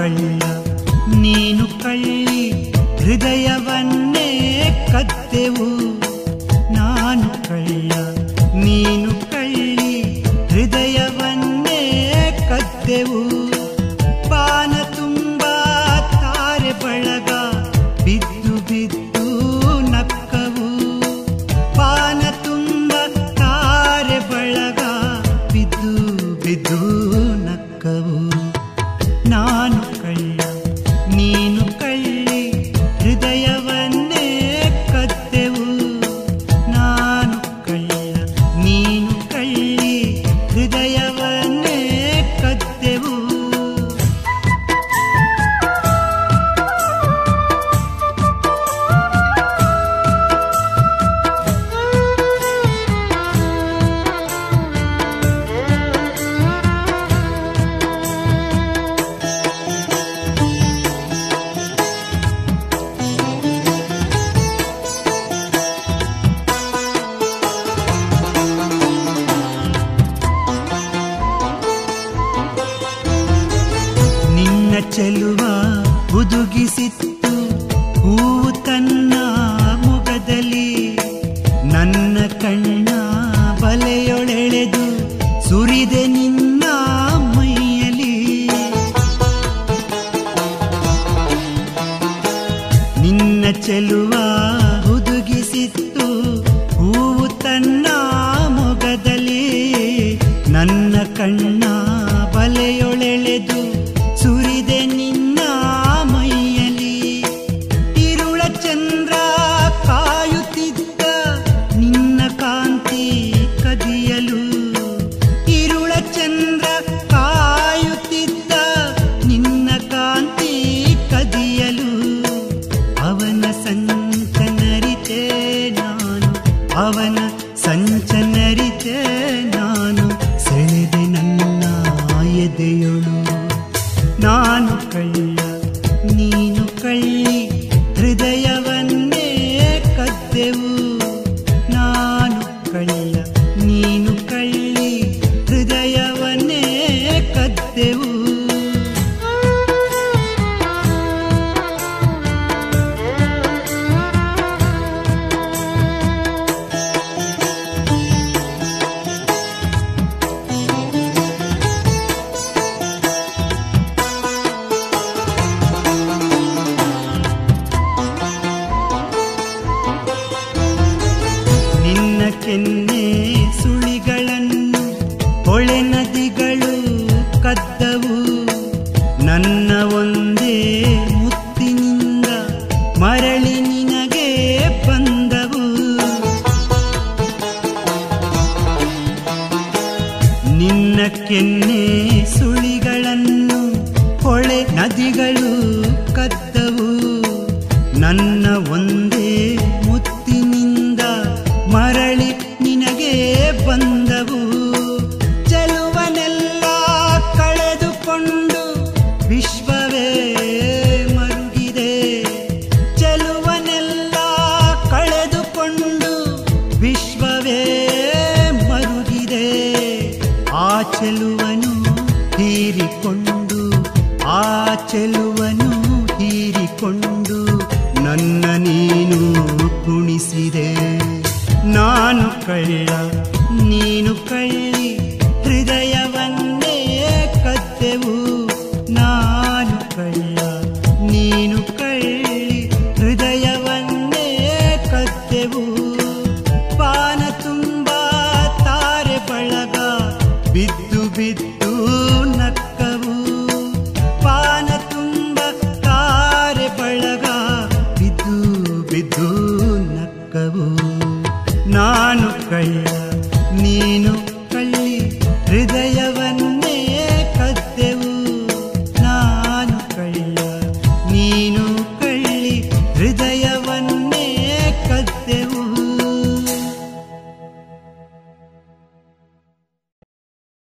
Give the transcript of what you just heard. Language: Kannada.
ಕಳ್ಳ ನೀನು ಕಳ್ಳಿ ಹೃದಯವನ್ನೇ ಕದ್ದೆವು ನಾನು ಕಳ್ಳ ನೀನು ಕಳ್ಳಿ ಹೃದಯವನ್ನೇ ಕದ್ದೆವು ಪಾನ ತುಂಬ ತಾರೆ ಬಳಗ ಬಿದ್ದು ಬಿದ್ದು ನಕ್ಕವು ಪಾನ ತುಂಬ ತಾರೆ ಬಳಗ ಬಿದ್ದು ಬಿದ್ದು ಚೆಲುವ ಹುದುಗಿಸಿತ್ತು ಹೂವು ತನ್ನ ಮುಗದಲ್ಲಿ ನನ್ನ ಕಣ್ಣ ಬಲೆಯೊಳೆಳೆದು ಸುರಿದೆ ನಿನ್ನ ಮೈಯಲಿ ನಿನ್ನ ಚೆಲುವ ಹುದುಗಿಸಿತ್ತು ಹೂವು ತನ್ನ ಮೊಗದಲ್ಲಿ ನನ್ನ ಕಣ್ಣ ಸಂಚನರಿತೆ ನಾನು ಅವನ ಸಂಚನರಿತೆ ನಾನು ಸೆಳೆದೆ ನನ್ನ ಎದೆಯೊಳು ನಾನು ಕಳ್ಳ ನೀನು ಮರಳಿ ನಿನಗೆ ಬಂದವು ನಿನ್ನ ಕೆನ್ನೆ ಸುಳಿಗಳನ್ನು ಹೊಳೆ ನದಿಗಳು ಕದ್ದವು ನನ್ನ ಒಂದೇ ಮುತ್ತಿನಿಂದ ಮರಳಿ ನಿನಗೆ ಬಂದವು ಹೀರಿಕೊಂಡು ಆ ಚೆಲುವನು ಹೀರಿಕೊಂಡು ನನ್ನ ನೀನು ಕುಣಿಸಿದೆ ನಾನು ಕಳ್ಳ ನೀನು ಕಳ್ಳ ನಾನು ಕೈಯ ನೀನು